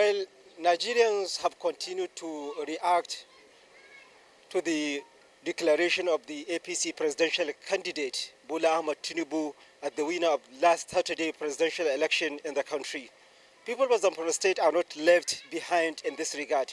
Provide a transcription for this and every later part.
Well, Nigerians have continued to react to the declaration of the APC presidential candidate Bola Ahmed Tinubu as the winner of last Saturday presidential election in the country. People of Zamfara State are not left behind in this regard.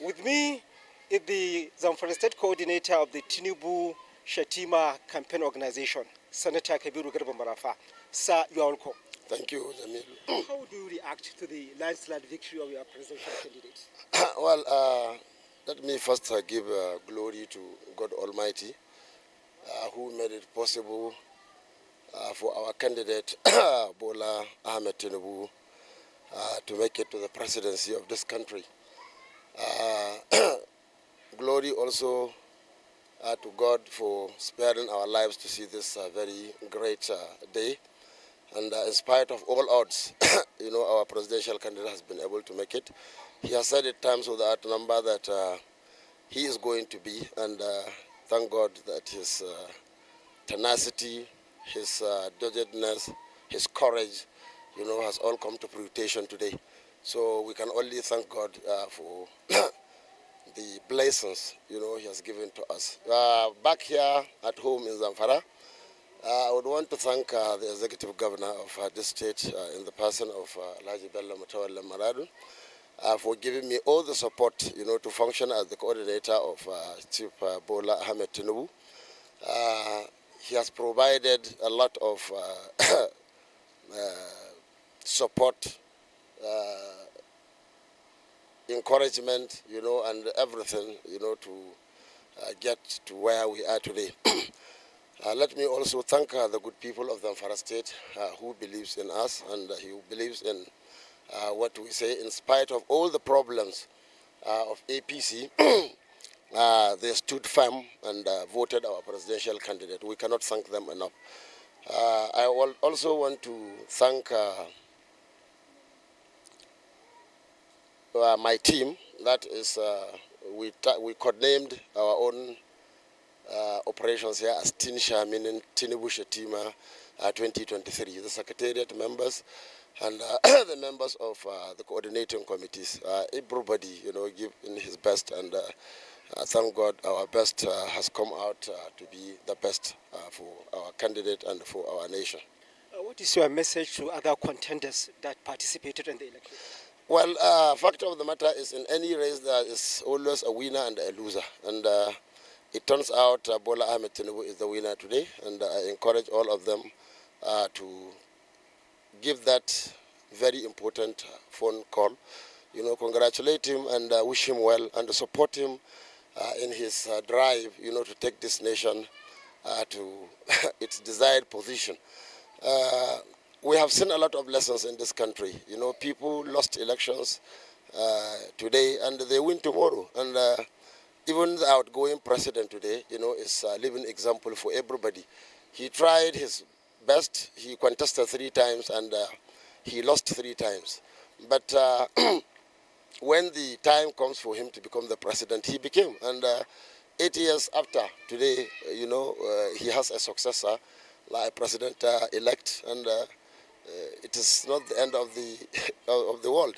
With me is the Zamfara State coordinator of the Tinubu Shatima campaign organization, Senator Kabiru Garba Marafa. Sir, you are welcome. Thank you, Jamil. How do you react to the landslide victory of your presidential candidate? well, uh, let me first uh, give uh, glory to God Almighty, uh, who made it possible uh, for our candidate, Bola Ahmed Tinubu, uh, to make it to the presidency of this country. glory also to God for sparing our lives to see this very great day. And uh, in spite of all odds, you know, our presidential candidate has been able to make it. He has said it times without number that uh, he is going to be, and uh, thank God that his uh, tenacity, his uh, doggedness, his courage, you know, has all come to fruition today. So we can only thank God uh, for the blessings, you know, he has given to us. Uh, back here at home in Zamfara, uh, I would want to thank uh, the executive governor of uh, this state uh, in the person of uh, Laji Bella Matawala Maradu uh, for giving me all the support, you know, to function as the coordinator of Chief Bola Ahmed Tinubu. he has provided a lot of support, encouragement, you know, and everything, you know, to get to where we are today. Uh, let me also thank uh, the good people of the Amphara State uh, who believes in us and who uh, believes in uh, what we say. In spite of all the problems uh, of APC, they stood firm and voted our presidential candidate. We cannot thank them enough. I also want to thank my team. That is, we, we codenamed our own uh, operations here as Tin meaning and Tima uh, uh 2023. The secretariat members and uh, the members of uh, the coordinating committees, uh, everybody, you know, giving his best and thank God our best has come out to be the best for our candidate and for our nation. what is your message to other contenders that participated in the election? Well, fact of the matter is in any race there is always a winner and a loser. And it turns out uh, Bola Ahmed Tinubu is the winner today, and I encourage all of them uh, to give that very important uh, phone call. You know, congratulate him and uh, wish him well and support him uh, in his uh, drive, you know, to take this nation uh, to its desired position. we have seen a lot of lessons in this country. You know, people lost elections today and they win tomorrow. And even the outgoing president today, you know, is a living example for everybody. He tried his best. He contested three times and uh, he lost three times. But uh, when the time comes for him to become the president, he became. And uh, eight years after today, uh, you know, uh, he has a successor, like president uh, elect, and it is not the end of the of the world.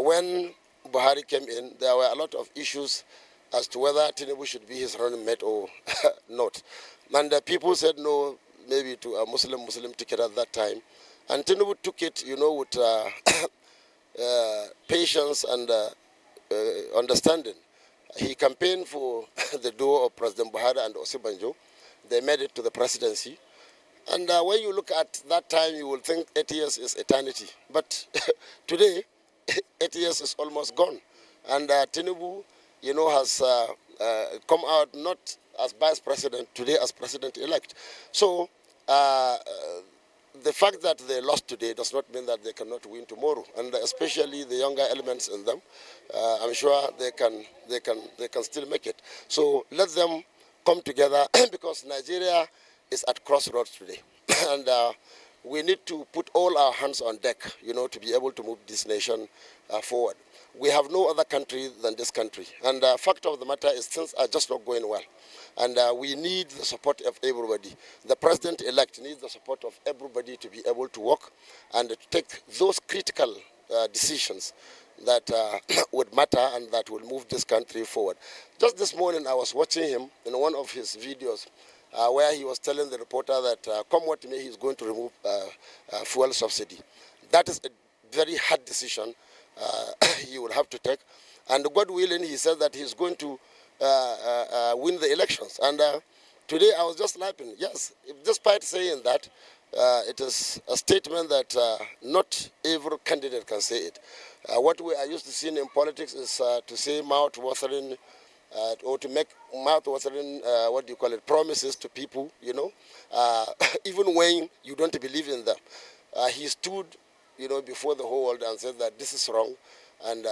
when Buhari came in, there were a lot of issues as to whether Tinubu should be his running mate or not. And the people said no, maybe to a Muslim Muslim ticket at that time. And Tinubu took it, you know, with uh, uh, patience and uh, uh, understanding. He campaigned for the duo of President Buhari and Osibanjo. They made it to the presidency. And uh, when you look at that time, you will think eight years is eternity. But today, eight years is almost gone. And Tinubu you know, has uh, uh, come out not as vice president today as president-elect. So uh, the fact that they lost today does not mean that they cannot win tomorrow, and especially the younger elements in them, uh, I'm sure they can, they, can, they can still make it. So let them come together because Nigeria is at crossroads today, and uh, we need to put all our hands on deck, you know, to be able to move this nation uh, forward we have no other country than this country. And the uh, fact of the matter is things are just not going well. And uh, we need the support of everybody. The president-elect needs the support of everybody to be able to work and to take those critical uh, decisions that uh, would matter and that will move this country forward. Just this morning I was watching him in one of his videos uh, where he was telling the reporter that uh, come what may he's going to remove fuel subsidy. That is a very hard decision he will have to take. And God willing, he said that he's going to uh, uh, uh, win the elections. And today I was just laughing. Yes, despite saying that, uh, it is a statement that uh, not every candidate can say it. Uh, what we are used to seeing in politics is to say mouth-watering or to make mouth-watering, what do you call it, promises to people, you know, even when you don't believe in them. he stood you know, before the whole world and said that this is wrong. And uh,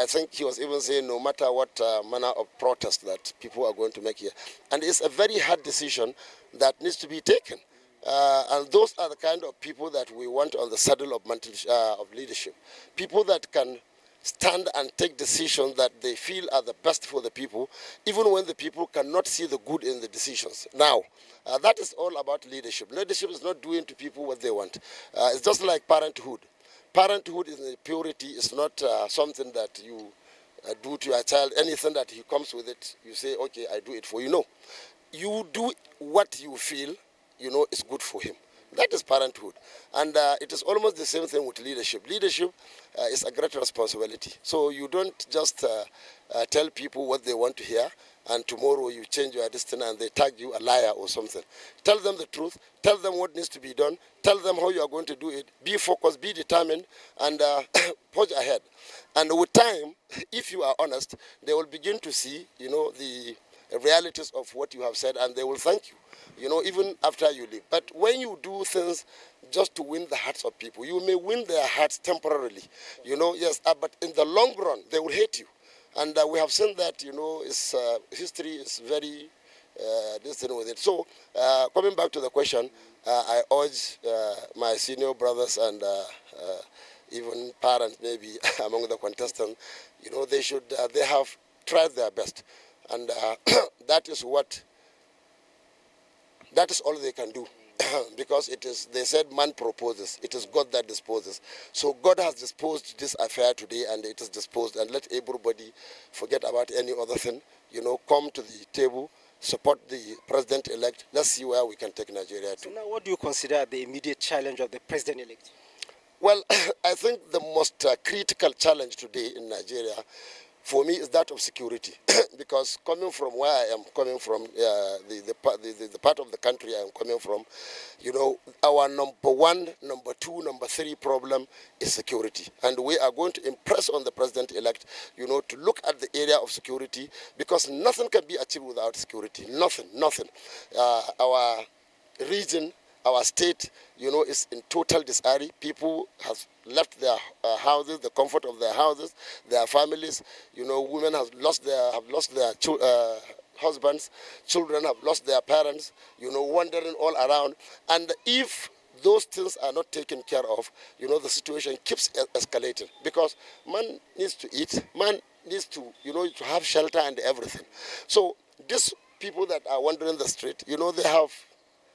I think he was even saying no matter what uh, manner of protest that people are going to make here. And it's a very hard decision that needs to be taken. Uh, and those are the kind of people that we want on the saddle of, uh, of leadership. People that can stand and take decisions that they feel are the best for the people, even when the people cannot see the good in the decisions. Now, uh, that is all about leadership. Leadership is not doing to people what they want. Uh, it's just like parenthood. Parenthood is purity. It's not uh, something that you uh, do to your child. Anything that he comes with it, you say, okay, I do it for you. No. You do what you feel, you know, is good for him. That is parenthood. And uh, it is almost the same thing with leadership. Leadership uh, is a great responsibility. So you don't just uh, uh, tell people what they want to hear and tomorrow you change your destiny and they tag you a liar or something. Tell them the truth. Tell them what needs to be done. Tell them how you are going to do it. Be focused, be determined, and uh, ahead. And with time, if you are honest, they will begin to see, you know, the realities of what you have said, and they will thank you, you know, even after you leave. But when you do things just to win the hearts of people, you may win their hearts temporarily, you know, yes, uh, but in the long run, they will hate you. And uh, we have seen that, you know, uh, history is very uh, with it. So, uh, coming back to the question, uh, I urge uh, my senior brothers and uh, uh, even parents, maybe among the contestants, you know, they should, they have tried their best. And uh, that is what, that is all they can do. because it is, they said man proposes, it is God that disposes. So God has disposed this affair today and it is disposed. And let everybody forget about any other thing, you know, come to the table, support the president-elect. Let's see where we can take Nigeria to. So now what do you consider the immediate challenge of the president-elect? Well, I think the most uh, critical challenge today in Nigeria for me is that of security because coming from where I am coming from, uh, the, the, the, the, part of the country I am coming from, you know, our number one, number two, number three problem is security. And we are going to impress on the president-elect, you know, to look at the area of security because nothing can be achieved without security. Nothing, nothing. Uh, our region our state, you know, is in total disarray. People have left their uh, houses, the comfort of their houses, their families. You know, women have lost their have lost their uh, husbands, children have lost their parents. You know, wandering all around. And if those things are not taken care of, you know, the situation keeps escalating because man needs to eat, man needs to, you know, to have shelter and everything. So these people that are wandering the street, you know, they have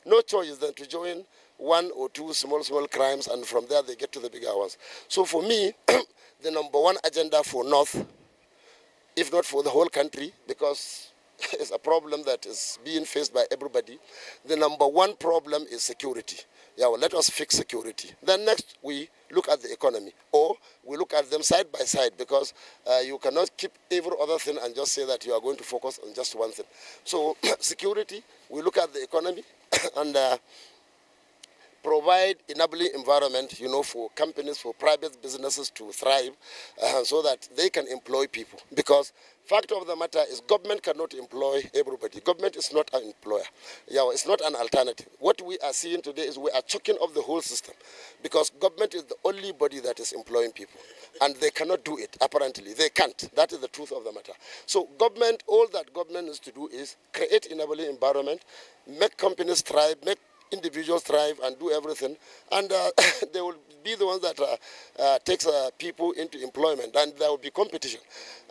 no choice than to join one or two small, small crimes, and from there they get to the bigger ones. So for me, the number one agenda for North, if not for the whole country, because it's a problem that is being faced by everybody, the number one problem is security. Yeah, well, let us fix security. Then next, we look at the economy, or we look at them side by side because uh, you cannot keep every other thing and just say that you are going to focus on just one thing. So security, we look at the economy, and uh, provide enabling environment, you know, for companies, for private businesses to thrive uh, so that they can employ people. Because Fact of the matter is government cannot employ everybody. Government is not an employer. Yeah, it's not an alternative. What we are seeing today is we are choking off the whole system because government is the only body that is employing people and they cannot do it, apparently. They can't. That is the truth of the matter. So government, all that government needs to do is create enabling environment, make companies thrive, make individuals thrive and do everything. And uh, they will be the ones that uh, uh, takes uh, people into employment. And there will be competition.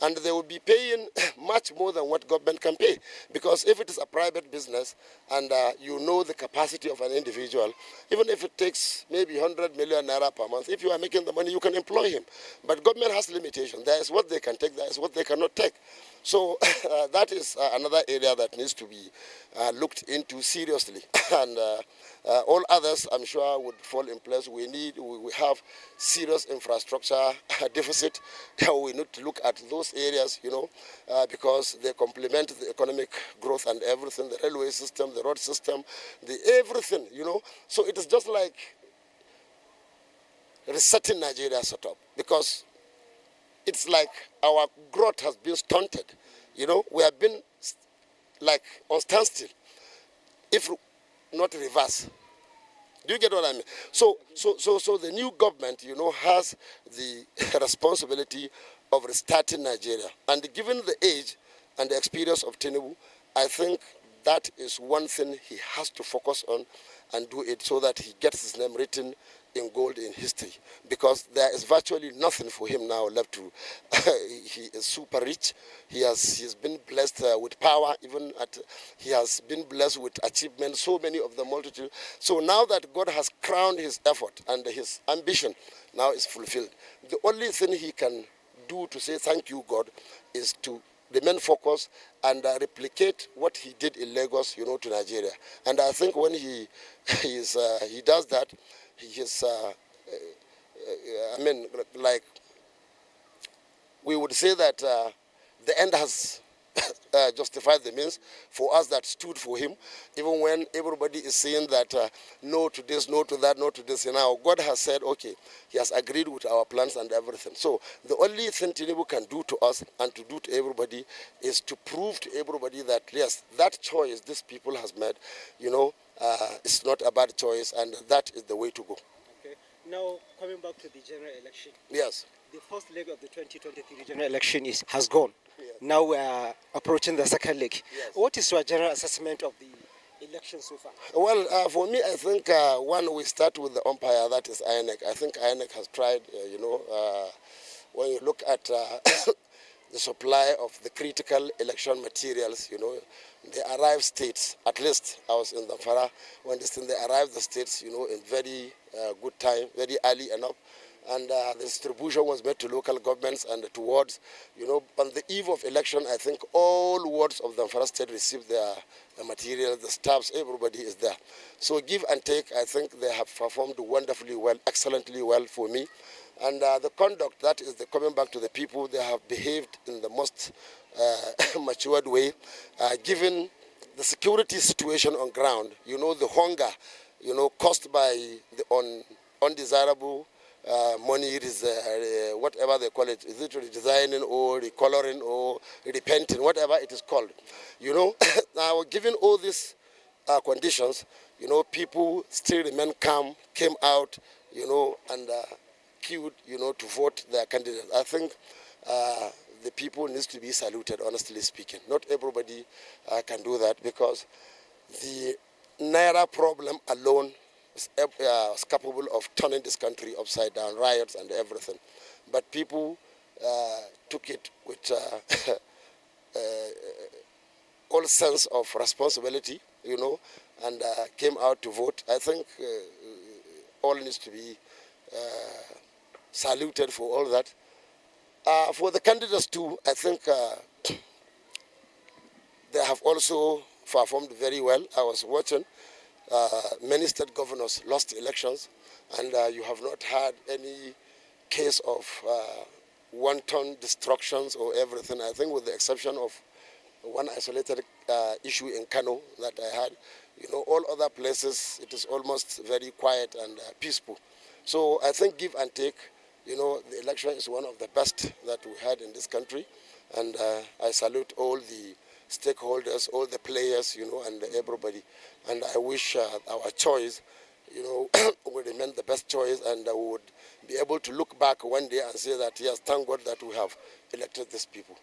And they will be paying much more than what government can pay. Because if it is a private business and uh, you know the capacity of an individual, even if it takes maybe 100 million naira per month, if you are making the money, you can employ him. But government has limitations. There is what they can take, there is what they cannot take. So uh, that is uh, another area that needs to be uh, looked into seriously. and uh, uh, all others, I'm sure, would fall in place. We need, we, we have serious infrastructure deficit. we need to look at those areas, you know, uh, because they complement the economic growth and everything, the railway system, the road system, the everything, you know. So it is just like resetting Nigeria set up because it's like our growth has been stunted. You know, we have been like on standstill, if not reverse. Do you get what I mean? So, so, so, so the new government, you know, has the responsibility of restarting Nigeria. And given the age and the experience of Tinubu, I think that is one thing he has to focus on and do it so that he gets his name written in gold in history because there is virtually nothing for him now left to. he is super rich. He has he's been blessed uh, with power. Even at he has been blessed with achievement. So many of the multitude. So now that God has crowned his effort and his ambition, now is fulfilled. The only thing he can do to say thank you, God, is to remain focused and uh, replicate what he did in Lagos, you know, to Nigeria. And I think when he is, uh, he does that, just, uh, I mean, like we would say that uh, the end has uh, justify the means for us that stood for him, even when everybody is saying that uh, no to this, no to that, no to this. And now God has said, okay, he has agreed with our plans and everything. So the only thing Tinubu can do to us and to do to everybody is to prove to everybody that, yes, that choice these people has made, you know, uh, it's not a bad choice and that is the way to go. Okay. Now, coming back to the general election. Yes. The first leg of the 2023 general election is, has gone. Yes. Now we are approaching the second leg. Yes. What is your general assessment of the election so far? Well, uh, for me, I think uh, when we start with the umpire, that is INEC. I think INEC has tried, uh, you know, uh, when you look at uh, the supply of the critical election materials, you know, they arrive states, at least I was in Damfara, when this thing, they arrive the states, you know, in very uh, good time, very early enough and uh, the distribution was made to local governments and to wards. You know, on the eve of election, I think all wards of the Damfara State received their, their material, the staffs, everybody is there. So give and take, I think they have performed wonderfully well, excellently well for me. And uh, the conduct, that is the coming back to the people, they have behaved in the most uh, matured way, uh, given the security situation on ground, you know, the hunger, you know, caused by the un undesirable uh, money it is uh, uh, whatever they call it is it redesigning or recoloring or repainting whatever it is called you know now given all these uh, conditions you know people still remain calm came out you know and uh, queued you know to vote their candidate. i think uh, the people needs to be saluted honestly speaking not everybody can do that because the naira problem alone is, eh, uh, is capable of turning this country upside down, riots and everything. But people uh, took it with uh, uh all sense of responsibility, you know, and uh, came out to vote. I think uh, all needs to be saluted for all that. for the candidates too, I think they have also performed very well. I was watching. Uh, many state governors lost elections, and uh, you have not had any case of uh, wanton destructions or everything. I think, with the exception of one isolated uh, issue in Kano that I had. You know, all other places, it is almost very quiet and uh, peaceful. So I think give and take, you know, the election is one of the best that we had in this country. And uh, I salute all the stakeholders, all the players, you know, and everybody. And I wish uh, our choice, you know, would remain the best choice and I would be able to look back one day and say that, yes, thank God that we have elected these people.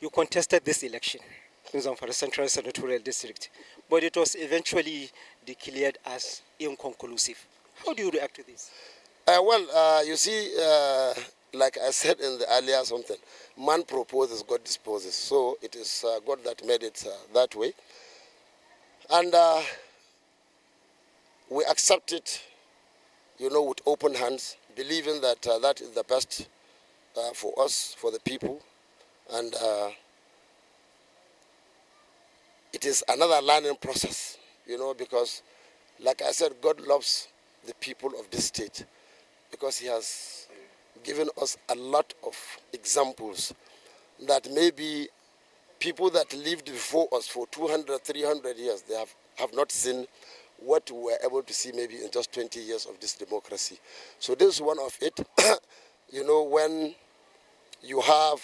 You contested this election for the Central Senatorial District, but it was eventually declared as inconclusive. How do you react to this? Uh, well, uh, you see, uh, like I said in the earlier something, man proposes, God disposes. So it is uh, God that made it uh, that way. And uh, we accept it, you know, with open hands, believing that uh, that is the best uh, for us, for the people. And uh, it is another learning process, you know, because, like I said, God loves the people of this state because he has given us a lot of examples that maybe people that lived before us for 200, 300 years, they have, have not seen what we were able to see maybe in just 20 years of this democracy. So this is one of it. you know, when you have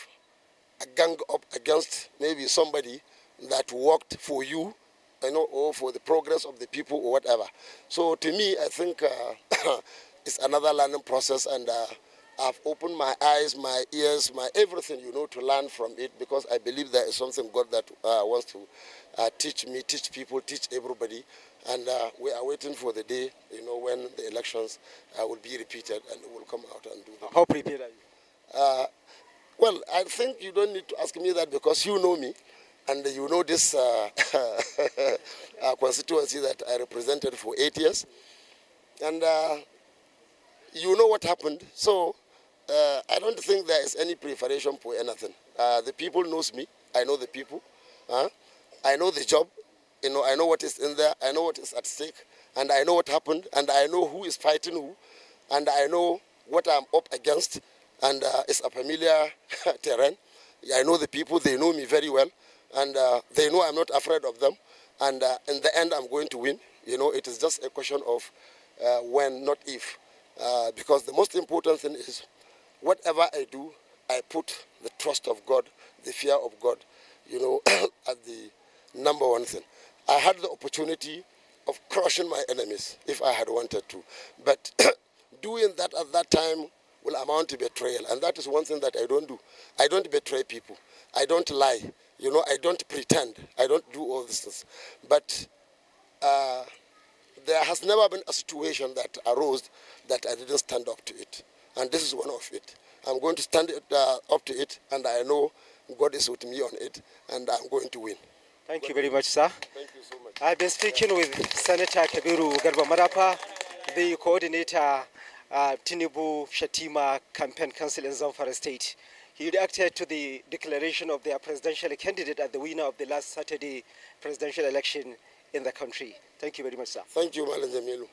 a gang up against maybe somebody that worked for you, you know, or for the progress of the people or whatever. So to me, I think uh, it's another learning process and uh, I've opened my eyes, my ears, my everything, you know, to learn from it because I believe there is something God that uh, wants to uh, teach me, teach people, teach everybody. And uh, we are waiting for the day, you know, when the elections uh, will be repeated and will come out and do that. How prepared are you? Uh, well, I think you don't need to ask me that because you know me and you know this uh, constituency that I represented for eight years. And you know what happened. So uh, I don't think there is any preparation for anything. Uh, the people knows me. I know the people. Huh? I know the job. You know, I know what is in there. I know what is at stake. And I know what happened. And I know who is fighting who. And I know what I'm up against. And uh, it's a familiar terrain. I know the people. They know me very well. And uh, they know I'm not afraid of them. And uh, in the end, I'm going to win. You know, it is just a question of uh, when, not if. because the most important thing is whatever I do, I put the trust of God, the fear of God, you know, as the number one thing. I had the opportunity of crushing my enemies if I had wanted to. But doing that at that time will amount to betrayal. And that is one thing that I don't do. I don't betray people. I don't lie. You know, I don't pretend. I don't do all these things. But uh, there has never been a situation that arose that I didn't stand up to it and this is one of it. I'm going to stand uh, up to it, and I know God is with me on it, and I'm going to win. Thank you very much, sir. Thank you so much. I've been speaking with Senator Kabiru Garba Marapa, the coordinator uh, Tinubu Shatima Campaign Council in Zamfara State. He reacted to the declaration of their presidential candidate at the winner of the last Saturday presidential election in the country. Thank you very much, sir. Thank you, Malam Jamilu.